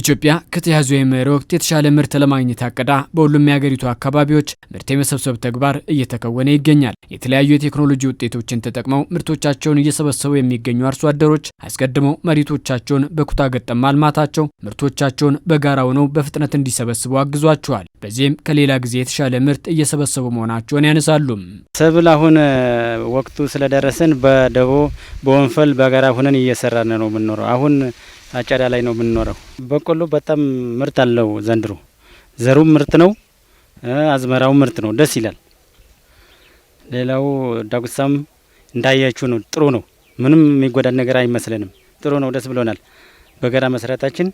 ኢትዮጵያ ከተያዙ የመኸር ወቅት የተሻለ ምርት ለማግኘት አቅዳ በሁሉም የሀገሪቱ አካባቢዎች ምርት የመሰብሰብ ተግባር እየተከወነ ይገኛል። የተለያዩ የቴክኖሎጂ ውጤቶችን ተጠቅመው ምርቶቻቸውን እየሰበሰቡ የሚገኙ አርሶ አደሮች አስቀድመው መሬቶቻቸውን በኩታ ገጠም ማልማታቸው ምርቶቻቸውን በጋራ ሆነው በፍጥነት እንዲሰበስቡ አግዟቸዋል። በዚህም ከሌላ ጊዜ የተሻለ ምርት እየሰበሰቡ መሆናቸውን ያነሳሉ። ሰብል አሁን ወቅቱ ስለደረሰን በደቦ በወንፈል በጋራ ሁነን እየሰራን ነው የምንኖረው አሁን አጨዳ ላይ ነው የምንኖረው። በቆሎ በጣም ምርት አለው ዘንድሮ። ዘሩም ምርት ነው፣ አዝመራው ምርት ነው። ደስ ይላል። ሌላው ዳጉሳም እንዳያችሁ ነው። ጥሩ ነው። ምንም የሚጎዳን ነገር አይመስለንም። ጥሩ ነው። ደስ ብሎናል። በጋራ መስራታችን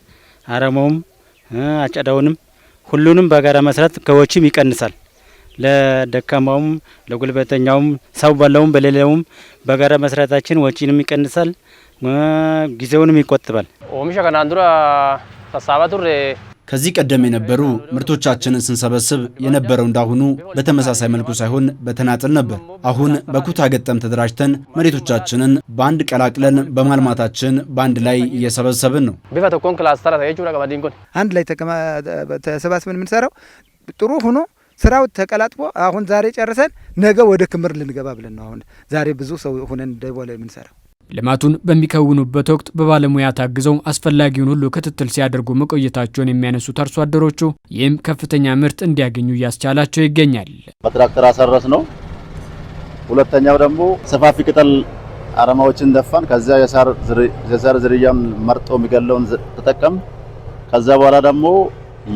አረማውም አጨዳውንም ሁሉንም በጋራ መስራት ከወጪም ይቀንሳል። ለደካማውም ለጉልበተኛውም ሰው ባለውም በሌለውም በጋራ መስራታችን ወጪንም ይቀንሳል። ጊዜውንም ይቆጥባል። ኦሚሻ ከናን ሳሳባ ቱሬ ከዚህ ቀደም የነበሩ ምርቶቻችንን ስንሰበስብ የነበረው እንዳሁኑ በተመሳሳይ መልኩ ሳይሆን በተናጥል ነበር። አሁን በኩታ ገጠም ተደራጅተን መሬቶቻችንን በአንድ ቀላቅለን በማልማታችን በአንድ ላይ እየሰበሰብን ነው። አንድ ላይ ተሰባስበን የምንሰራው ጥሩ ሆኖ ስራው ተቀላጥፎ አሁን ዛሬ ጨርሰን ነገ ወደ ክምር ልንገባ ብለን ነው። አሁን ዛሬ ብዙ ሰው ሆነን ደቦ ላይ የምንሰራው ልማቱን በሚከውኑበት ወቅት በባለሙያ ታግዘው አስፈላጊውን ሁሉ ክትትል ሲያደርጉ መቆየታቸውን የሚያነሱት አርሶ አደሮቹ ይህም ከፍተኛ ምርት እንዲያገኙ እያስቻላቸው ይገኛል። በትራክተር አሰረስ ነው። ሁለተኛው ደግሞ ሰፋፊ ቅጠል አረማዎችን ደፋን። ከዚያ የሳር ዝርያን መርጦ የሚገለውን ተጠቀም። ከዛ በኋላ ደግሞ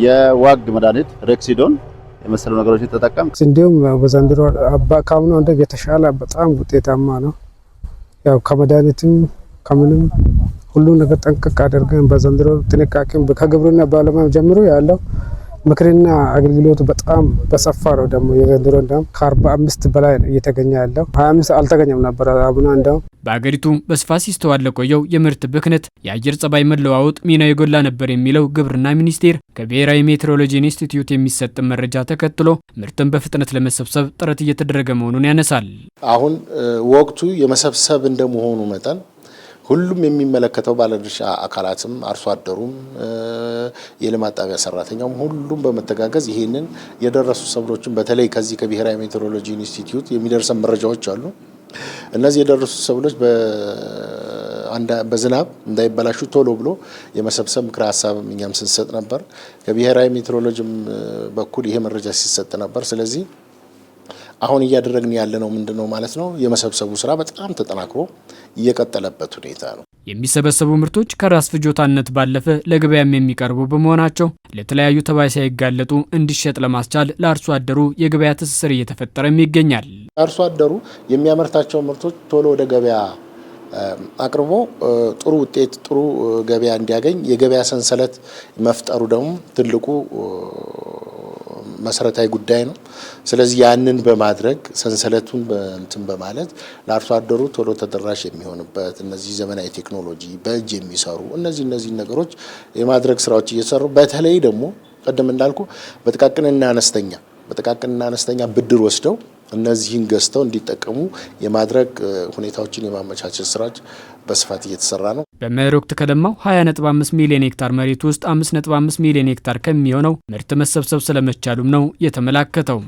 የዋግ መድኃኒት ሬክሲዶን የመሰሉ ነገሮችን ተጠቀም። እንዲሁም በዘንድሮ ከአምናው እንደ የተሻለ በጣም ውጤታማ ነው። ያው ከመድኃኒትም ከምንም ሁሉ ነገር ጠንቅቅ አድርገን በዘንድሮ ጥንቃቄ ከግብርና ባለሙያ ጀምሮ ያለው ምክርና አገልግሎቱ በጣም በሰፋ ነው። ደግሞ የዘንድሮ እንደውም ከአርባ አምስት በላይ እየተገኘ ያለው ሀያ አምስት አልተገኘም ነበረ አቡና እንደውም በአገሪቱ በስፋት ሲስተዋል ለቆየው የምርት ብክነት የአየር ጸባይ መለዋወጥ ሚና የጎላ ነበር የሚለው ግብርና ሚኒስቴር ከብሔራዊ ሜትሮሎጂ ኢንስቲትዩት የሚሰጥ መረጃ ተከትሎ ምርትን በፍጥነት ለመሰብሰብ ጥረት እየተደረገ መሆኑን ያነሳል። አሁን ወቅቱ የመሰብሰብ እንደመሆኑ መጠን ሁሉም የሚመለከተው ባለድርሻ አካላትም አርሶ አደሩም የልማት ጣቢያ ሰራተኛውም ሁሉም በመተጋገዝ ይህንን የደረሱ ሰብሎችን በተለይ ከዚህ ከብሔራዊ ሜትሮሎጂ ኢንስቲትዩት የሚደርሰን መረጃዎች አሉ። እነዚህ የደረሱ ሰብሎች በዝናብ እንዳይበላሹ ቶሎ ብሎ የመሰብሰብ ምክረ ሀሳብ እኛም ስንሰጥ ነበር። ከብሔራዊ ሜትሮሎጂም በኩል ይሄ መረጃ ሲሰጥ ነበር። ስለዚህ አሁን እያደረግን ያለነው ምንድን ነው ማለት ነው፣ የመሰብሰቡ ስራ በጣም ተጠናክሮ እየቀጠለበት ሁኔታ ነው። የሚሰበሰቡ ምርቶች ከራስ ፍጆታነት ባለፈ ለገበያም የሚቀርቡ በመሆናቸው ለተለያዩ ተባይ ሳይጋለጡ እንዲሸጥ ለማስቻል ለአርሶ አደሩ የገበያ ትስስር እየተፈጠረም ይገኛል። አርሶ አደሩ የሚያመርታቸው ምርቶች ቶሎ ወደ ገበያ አቅርቦ ጥሩ ውጤት ጥሩ ገበያ እንዲያገኝ የገበያ ሰንሰለት መፍጠሩ ደግሞ ትልቁ መሰረታዊ ጉዳይ ነው። ስለዚህ ያንን በማድረግ ሰንሰለቱን እንትን በማለት ለአርሶ አደሩ ቶሎ ተደራሽ የሚሆንበት እነዚህ ዘመናዊ ቴክኖሎጂ በእጅ የሚሰሩ እነዚህ እነዚህ ነገሮች የማድረግ ስራዎች እየሰሩ በተለይ ደግሞ ቀደም እንዳልኩ በጥቃቅንና አነስተኛ በጥቃቅንና አነስተኛ ብድር ወስደው እነዚህን ገዝተው እንዲጠቀሙ የማድረግ ሁኔታዎችን የማመቻቸት ስራጭ በስፋት እየተሰራ ነው። በመኸር ወቅት ከለማው 20.5 ሚሊዮን ሄክታር መሬት ውስጥ 5.5 ሚሊዮን ሄክታር ከሚሆነው ምርት መሰብሰብ ስለመቻሉም ነው የተመላከተው።